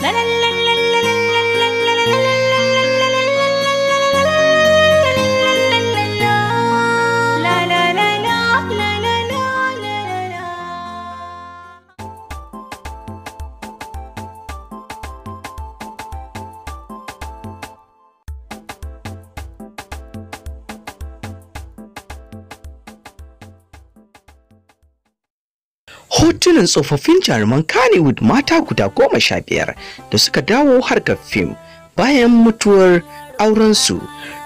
来来来。hotunan tsofaffin jaruman Kannywood mata guda goma sha biyar da suka dawo harkar fim bayan mutuwar aurensu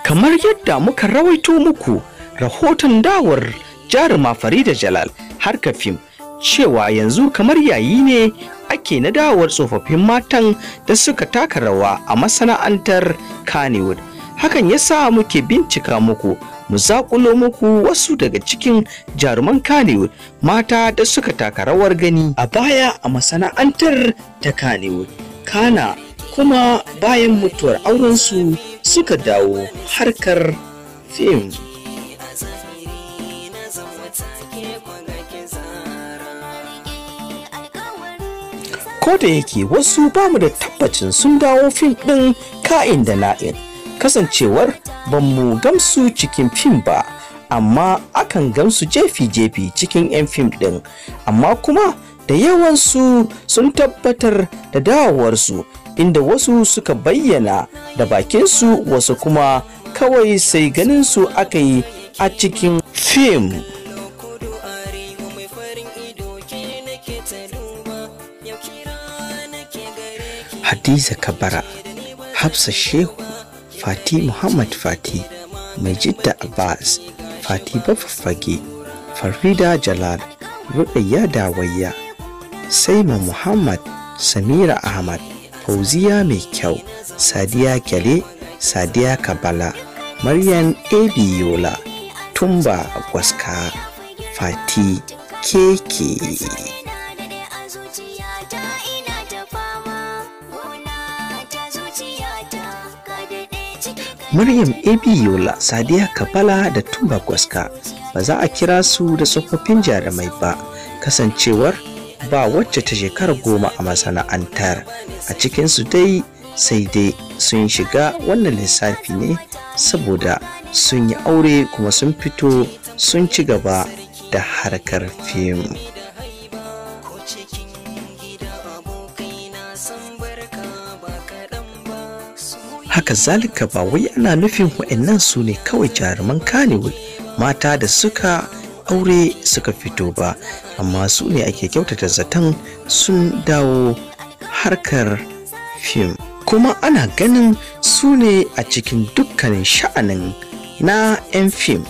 kamar yadda muka rawaito muku rahoton dawar jaruma Farida Jalal harkar fim cewa yanzu kamar yayi ne ake na dawowar tsofaffin matan da suka taka rawa a masana'antar Kannywood. hakan ya sa muke bincika muku mu zaƙulo muku wasu daga cikin jaruman kanewood mata da suka taka rawar gani a baya a masana'antar ta kanewood kana kuma bayan mutuwar aurensu suka dawo harkar fim. Ko da yake wasu bamu da tabbacin sun dawo fim ɗin ka'in da na'in. kasancewar ban mu gamsu cikin fim ba amma akan gamsu jefi-jefi cikin 'yan fim ɗin amma kuma da yawansu sun tabbatar da dawowarsu inda wasu suka bayyana da bakinsu wasu kuma kawai sai ganinsu aka yi a cikin fim hadiza kabara hafsa shehu fati muhammad fati mai jidda abbas fati bafafage farida jalal ruɗayya dawayya saima muhammad samira ahmad fauziya mai kyau sadiya kyale sadiya kabala maryam abiola tumba gwaska fati keke Maryam Abiola, Sadiya kapala da Tumba Gwaska ba za a kira su da tsofaffin jarumai ba kasancewar ba wacce ta shekara goma a masana'antar a cikin su dai sai dai sun shiga wannan lissafi ne saboda sun yi aure kuma sun fito sun ci gaba da harkar fim. haka zalika ba wai ana nufin wa'annan su ne kawai jaruman kanewul mata da suka aure suka fito ba amma su ne ake kyautata zaton sun dawo harkar fim kuma ana ganin su ne a cikin dukkanin sha'anin na 'yan fim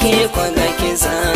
ke kwana ki zama